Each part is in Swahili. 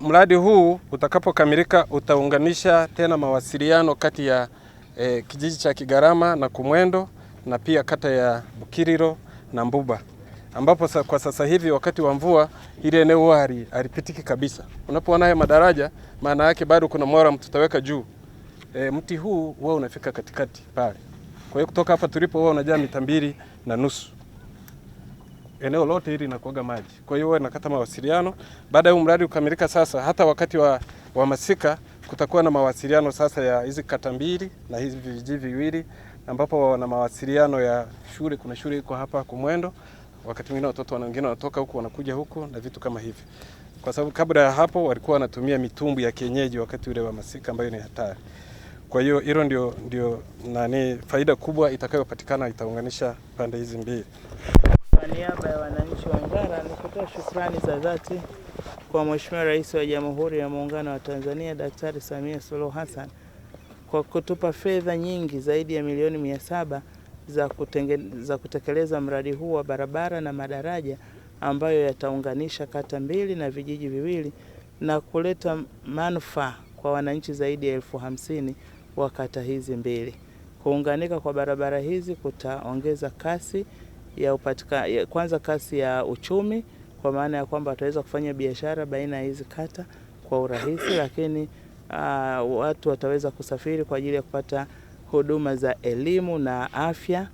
Mradi huu utakapokamilika utaunganisha tena mawasiliano kati ya e, kijiji cha Kigarama na Kumwendo na pia kata ya Bukiriro na Mbuba ambapo sa, kwa sasa hivi wakati wa mvua ili eneo huwa halipitiki kabisa. Unapoona haya madaraja, maana yake bado kuna mwara utaweka juu. E, mti huu huwa unafika katikati pale. Kwa hiyo kutoka hapa tulipo huwa unajaa mita mbili na nusu eneo lote hili linakuaga maji, kwa hiyo huwa nakata mawasiliano. Baada ya mradi kukamilika, sasa hata wakati wa, wa masika kutakuwa na mawasiliano sasa ya hizi kata mbili na hizi vijiji viwili, ambapo wana mawasiliano ya shule. Kuna shule iko hapa Kumwendo, wakati mwingine watoto wengine wanatoka huku wanakuja huku na vitu kama hivi, kwa sababu kabla ya hapo walikuwa wanatumia mitumbu ya kienyeji wakati ule wa masika, ambayo ni hatari. Kwa hiyo hilo ndio, ndio nani faida kubwa itakayopatikana, itaunganisha pande hizi mbili. Kwa niaba ya wananchi wa Ngara kutoa shukrani za dhati kwa Mheshimiwa Rais wa Jamhuri ya Muungano wa Tanzania Daktari Samia Suluhu Hassan kwa kutupa fedha nyingi zaidi ya milioni mia saba za, kutenge, za kutekeleza mradi huu wa barabara na madaraja ambayo yataunganisha kata mbili na vijiji viwili na kuleta manufaa kwa wananchi zaidi ya elfu hamsini wa kata hizi mbili. Kuunganika kwa barabara hizi kutaongeza kasi ya upatika, ya kwanza kasi ya uchumi kwa maana ya kwamba wataweza kufanya biashara baina ya hizi kata kwa urahisi, lakini uh, watu wataweza kusafiri kwa ajili ya kupata huduma za elimu na afya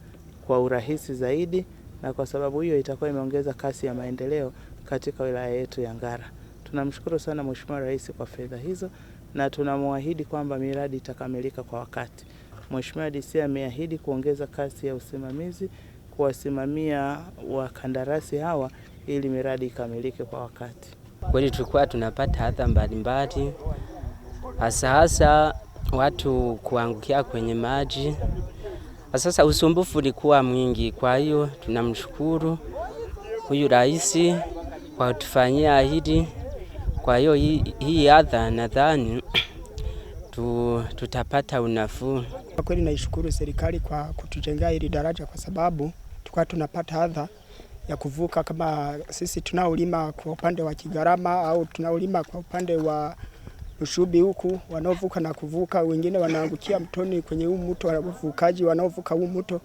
kwa urahisi zaidi, na kwa sababu hiyo itakuwa imeongeza kasi ya maendeleo katika wilaya yetu ya Ngara. Tunamshukuru sana Mheshimiwa Rais kwa fedha hizo na tunamwahidi kwamba miradi itakamilika kwa wakati. Mheshimiwa DC ameahidi kuongeza kasi ya usimamizi kuwasimamia wakandarasi hawa ili miradi ikamilike kwa wakati. Kweli tulikuwa tunapata adha mbalimbali, hasa hasa watu kuangukia kwenye maji. Sasa usumbufu ulikuwa mwingi, kwa hiyo tunamshukuru huyu rais kwa kutufanyia hili. Kwa hiyo hii adha nadhani tutapata unafuu. Kwa kweli naishukuru serikali kwa kutujengea hili daraja kwa sababu kwa tunapata adha ya kuvuka kama sisi tunaolima kwa upande wa Kigarama au tunaolima kwa upande wa Lushubi huku, wanaovuka na kuvuka, wengine wanaangukia mtoni kwenye huu mto, wavukaji wanaovuka huu mto.